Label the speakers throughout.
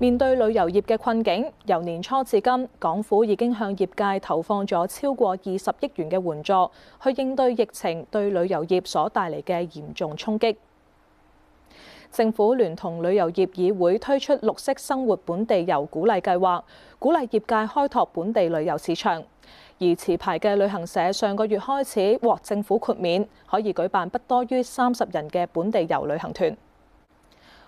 Speaker 1: 面對旅遊業嘅困境，由年初至今，港府已經向業界投放咗超過二十億元嘅援助，去應對疫情對旅遊業所帶嚟嘅嚴重衝擊。政府聯同旅遊業議會推出綠色生活本地遊鼓勵計劃，鼓勵業界開拓本地旅遊市場。而持牌嘅旅行社上個月開始獲政府豁免，可以舉辦不多於三十人嘅本地遊旅行團。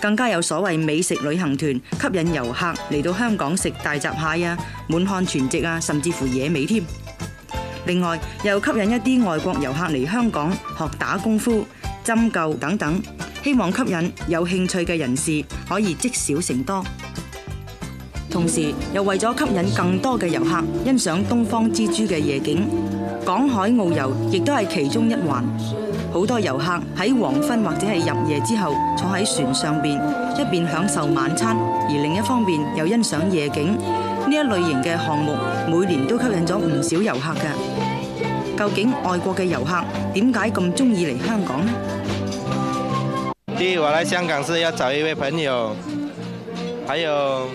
Speaker 2: 更加有所謂美食旅行團，吸引遊客嚟到香港食大閘蟹啊、滿漢全席啊，甚至乎野味添。另外又吸引一啲外國遊客嚟香港學打功夫、針灸等等，希望吸引有興趣嘅人士可以積少成多。同時又為咗吸引更多嘅遊客欣賞東方之珠嘅夜景，港海澳遊亦都係其中一環。好多遊客喺黃昏或者係入夜之後坐喺船上邊，一邊享受晚餐，而另一方面又欣賞夜景。呢一類型嘅項目每年都吸引咗唔少遊客嘅。究竟外國嘅遊客點解咁中意嚟香港呢？
Speaker 1: 第一，我嚟香港是要找一位朋友，還有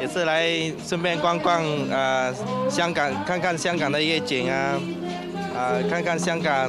Speaker 1: 也是來順便逛逛啊香港，看看香港的夜景啊，啊看看香港。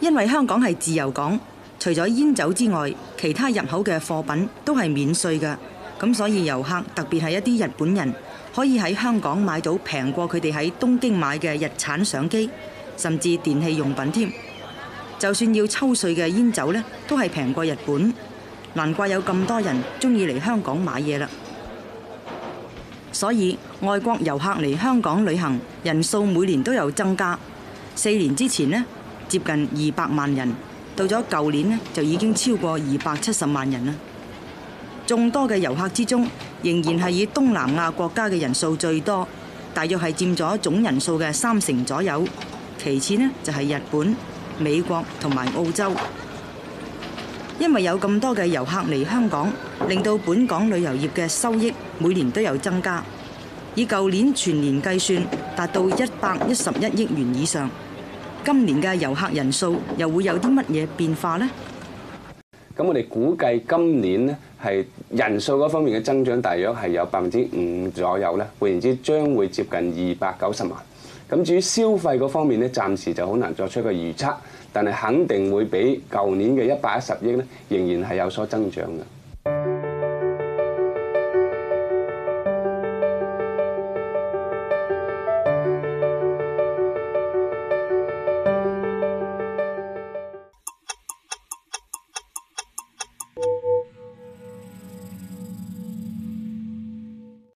Speaker 2: 因為香港係自由港，除咗煙酒之外，其他入口嘅貨品都係免稅㗎。咁所以遊客特別係一啲日本人，可以喺香港買到平過佢哋喺東京買嘅日產相機，甚至電器用品添。就算要抽稅嘅煙酒呢，都係平過日本。難怪有咁多人鍾意嚟香港買嘢啦。所以外國遊客嚟香港旅行人數每年都有增加。四年之前呢，接近二百萬人，到咗舊年呢，就已經超過二百七十萬人啦。眾多嘅遊客之中，仍然係以東南亞國家嘅人數最多，大約係佔咗總人數嘅三成左右。其次呢，就係日本、美國同埋澳洲。因為有咁多嘅遊客嚟香港，令到本港旅遊業嘅收益每年都有增加，以舊年全年計算，達到一百一十一億元以上。今年嘅遊客人數又會有啲乜嘢變化呢？咁我哋估計今年咧係人數嗰方面嘅增長，大約係有百分之五左右咧。換言之，將會接近二百九十萬。咁至於消費嗰方面呢，暫時就好難作出個預測，但係肯定會比舊年嘅一百一十億呢，仍然係有所增長嘅。